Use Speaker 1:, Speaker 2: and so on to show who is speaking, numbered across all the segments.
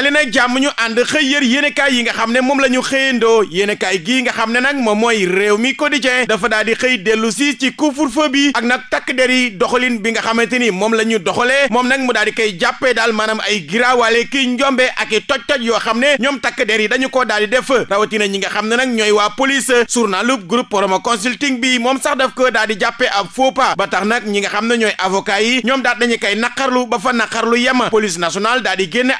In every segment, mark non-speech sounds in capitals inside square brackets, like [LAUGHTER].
Speaker 1: dali nag jàmm ñu ànd xëy yër yéenekaay yi nga xam ne moom la ñu xëyandoo yéenekaay gii nga xam ne nag moom mooy réew mi quotidien dafa daal di xëy dellu si ci couvre-feu bi ak nag takk der yi doxalin bi nga xamante ni moom la ñu doxalee moom nag mu daal di koy jàppee daal maanaam ay giraawaale kii njombe ak i toj-toj yoo xam ne ñoom takk der yi dañu ko daal di def rawatina ñi nga xam ne nag ñooy waa police journalub groupe promo consulting bi moom sax daf ko daal di jàppee ab faux pas tax nag ñi nga xam ne ñooy avocat yi ñoom daal dañu koy naqarlu ba fa naqarlu yema police daal di génne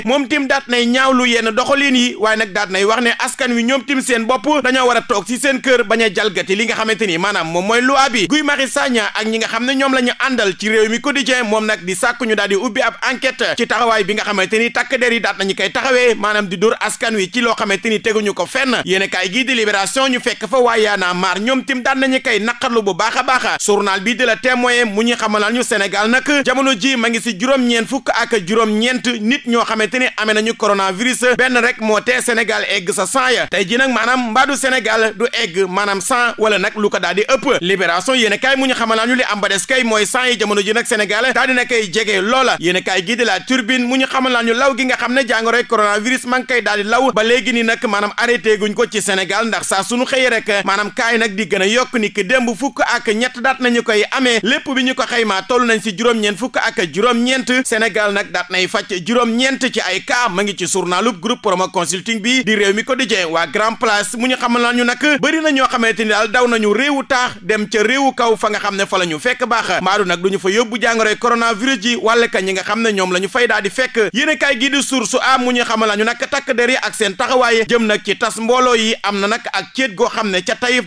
Speaker 1: [LAUGHS] moom tim daat nay lu yenn doxalin yi waaye nag daat nay wax ne askan wi ñoom tim seen bopp dañoo war a toog ci seen kër bañ a jalgati li nga xamante ni maanaam moom mooy loi bi Guy Marius ak ñi nga xam ne ñoom la ñu àndal ci réew mi quotidien moom nag di sàkkuñu ñu daal di ubbi ab enquête ci taxawaay bi nga xamante ni takk der yi daat nañu koy taxawee maanaam di dóor askan wi ci loo xamante ni teguñu ko fenn yéen kaay gii di libération ñu fekk fa waa yaanaa maar ñoom nañu koy naqarlu bu baax a baax journal bii di la témoin mu ñu xamalal ñu Sénégal nag jamono ji ma ngi si juróom-ñeent fukk ak juróom-ñeent nit ñoo xamante xamante ni amee nañu coronavirus benn rek moo tee Sénégal egg sa san ya tey ji nag maanaam mbaadu Sénégal du egg maanaam san wala nag lu ko daal di ëpp libération yéen kaay mu ñu xamal naa ñu li am ba des kay mooy cent yi jamono ji nag Sénégal daal dina koy jege loola yéen a gii de la turbine mu ñu xamal naa ñu law gi nga xam ne jàngoroy coronavirus ma ngi koy daal di law ba léegi ni nag maanaam arrêté guñ ko ci Sénégal ndax saa suñu xëyee rek maanaam kaay nag di g a yokk ni ki fukk ak ñett daat nañu koy amee lépp bi ñu ko xaymaa toll nañ si juróom-ñeent fukk ak juróom-ñeent Sénégal nag daat nay fàcc juróom-ñeent ci ay cas ma ngi ci journalub groupe promo consulting bi di réew mi quotidien waa grand place mu ñu xamal la ñu bëri na ñoo xamante ni daal daw nañu réewu taax dem ca réewu kaw fa nga xam ne fa la ñu fekk baax maadu nag du ñu fa yóbbu jàngoroy coronavirus ji wala ka ñi nga xam ne ñoom la ñu fay daal di fekk yéen a kaay gii di source a mu ñu xamal la ñu takk der yi ak seen taxawaay jëm nag ci tas mbooloo yi am na nag ak céet goo xam ne ca tayif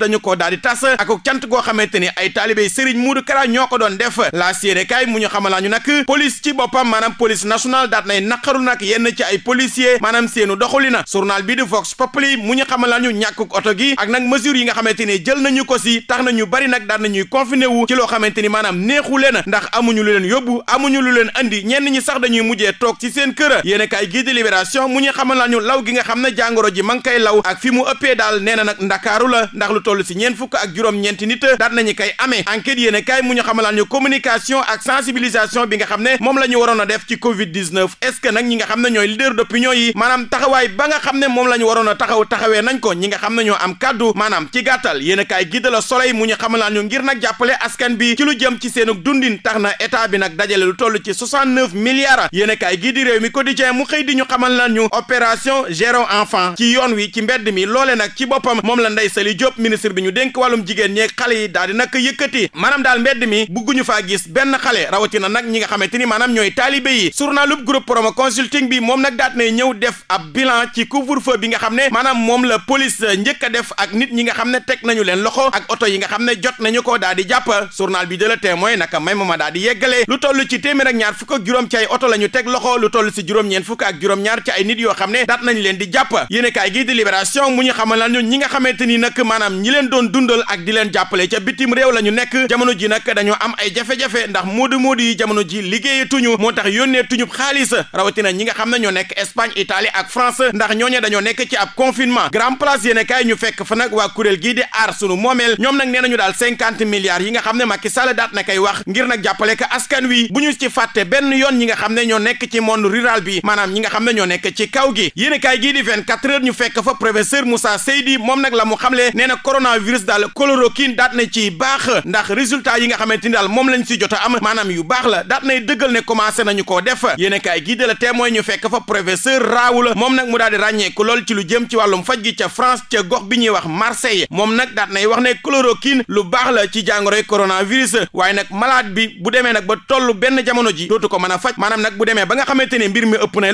Speaker 1: ay taalibey Serigne Modou ñoo ko doon def laas yéene kaay mu ñu xamal la ñu nag police ci boppam maanaam police yenn ci ay policier maanaam seenu doxuli na journal bi di Vox Populi mu ñu xamal ñu ñàkkuk oto gi ak nag mesure yi nga xamante ni jël nañu ko si tax nañu bari nag daan nañuy confiné wu ci loo xamante ni maanaam neexule na ndax amuñu lu leen yóbbu amuñu lu leen indi ñenn ñi sax dañuy mujjee toog ci seen kër yéen a kaay gii di libération mu ñu xamal ñu law gi nga xam ne jàngoro ji ma ngi koy law ak fi mu ëppee daal nee na nag ndakaaru la ndax toll si ñeent fukk ak juróom-ñeenti nit daan nañu koy amee enquête yéen a kaay mu bi nga xam ne moom la ñu waroon a def ci covid nga xam ne ñooy leader d'opinion yi maanaam taxawaay ba nga xam ne moom la ñu waroon a taxaw taxawee nañ ko ñi nga xam ne ñoo am kàddu maanaam ci gàttal yéen a kaay gi de la soleil mu ñu xamalaan ñu ngir nag jàppale askan bi ci lu jëm ci seenug dundin tax na état bi nag dajale lu toll ci 69 milliards yéen a kaay gii di réew mi quotidien mu xëy di ñu xamal lan ñu opération gérons enfant ci yoon wi ci mbedd mi loole nag ci boppam moom la Ndeye Saly Diop ministre bi ñu dénk wàllum jigéen ñeeg xale yi di nag yëkkati maanaam daal mbedd mi bugguñu faa gis benn xale rawatina nag ñi nga xamante ni maanaam ñooy taalibe yi journalub groupe meeting bi moom nag daat na ñëw def ab bilan ci couvre-feu bi nga xam ne maanaam moom la police euh, njëkk def ak nit ñi nga xam ne teg nañu leen loxo ak oto yi nga xam ne jot nañu ko daal di jàpp journal bi de la mooy naka may ma ma daal di yeggale lu toll ci téeméer ak ñaar fukk ak juróom ci ay oto la ñu teg loxo lu toll si juróom-ñeent fukk ak juróom-ñaar ci ay nit yoo xam ne daat nañu leen di jàpp yéen kaay gii di libération mu ñu xamal nañu ñi nga xamante ni nag maanaam ñi doon dundal ak di leen jàppale ca bitim réew la ñu nekk jamono ji nag dañoo am ay jafe-jafe ndax moodu moodu yi jamono ji liggéeyatuñu moo tax yónnee xaalis rawatina ñi ñi nga xam ne ñoo nekk Espagne Italie ak France ndax ñooñu nekk ci ab confinement grand place yéen kaay ñu fekk fa nag waa kuréel gii di sunu moomeel ñoom nag nee nañu daal cinquante yi nga xam ne Macky daat na koy wax ngir nag jàppale askan wi bu ñu ci fàtte benn yoon ñi nga xam ne ñoo nekk ci monde rural bi maanaam ñi nga xam ne ñoo nekk ci kaw gi yéen kaay gii di 24 ñu fekk fa professeur Moussa Seydi moom nag la mu xamle nee na coronavirus daal la daat nay dëggal ñu fekk fa professeur Raoult moom nag mu daal di ràññeeku lool ci lu jëm ci wàllum faj gi ca France ca gox bi ñuy moom nag daat nay wax ne chloroquine lu baax la ci jàngoroy coronavirus waaye nag malade bi bu demee nag ba toll benn jamono ji dootu ko mën a faj maanaam nag bu demee ba nga xamante ne mbir mi ëpp nay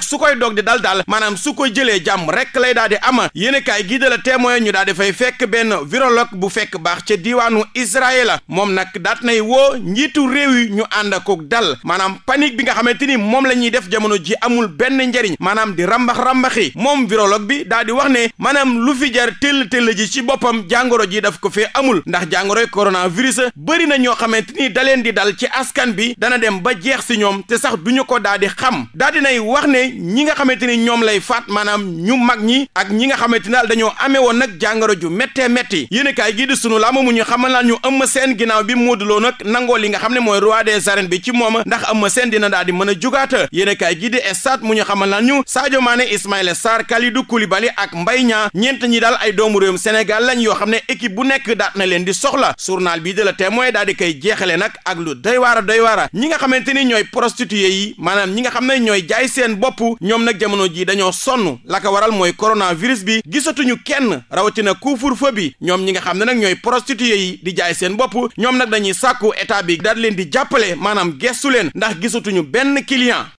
Speaker 1: su koy doog di daal maanaam su ko jëlee jàmm rek lay daal di ama yéenekaay gi de la témoin ñu daal di fay fekk benn virologue bu fekk baax ca diiwaanu Israël moom nag daat nay woo njiitu réew ñu ànd ak dal maanaam panique bi nga xamante ni moom la ñuy def jamono jamono ji amul benn njariñ maanaam di rambax-rambaxi moom virologue bi daa di wax ne maanaam lu fi jar téll téll ji ci boppam jàngoro ji daf ko fee amul ndax jàngoroy coronavirus bëri na ñoo xamante ni da leen di dal ci askan bi dana dem ba jeex si ñoom te sax duñu ko daa di xam daa di nay wax ne ñi nga xamante ni ñoom lay faat maanaam ñu mag ñi ak ñi nga xamante ni daal dañoo amee woon nag jàngoro ju méttee métti yéenekaay gi di sunu laa mu ñu xamal naa ñu Eumeu Sène ginnaaw bi Modou Lo nag nangoo li nga xam ne mooy roi des arènes bi ci moom ndax Eumeu Sène dina daal di mën a jugaata yéenekaay gi di stade mu ñu xamal na ñu Sadio Mané Ismaïla Sarr Kalidou Koulibaly ak Mbaye Niang ñeent ñi daal ay doomu réew Sénégal lañ yoo xam ne équipe bu nekk daat na leen di soxla journal bii de la témoin daal di koy jeexale nag ak lu doy waara doy waara ñi nga xamante ni ñooy prostitué yi maanaam ñi nga xam ne ñooy jaay seen bopp ñoom na jamono jii dañoo sonnu la waral mooy coronavirus bi gisatuñu kenn rawatina couvre-feu bi ñoom ñi nga xam ne nag ñooy prostitué yi di jaay seen bopp ñoom nag dañuy sàkku état bi daal leen di jàppale maanaam gestu leen ndax gisatuñu benn client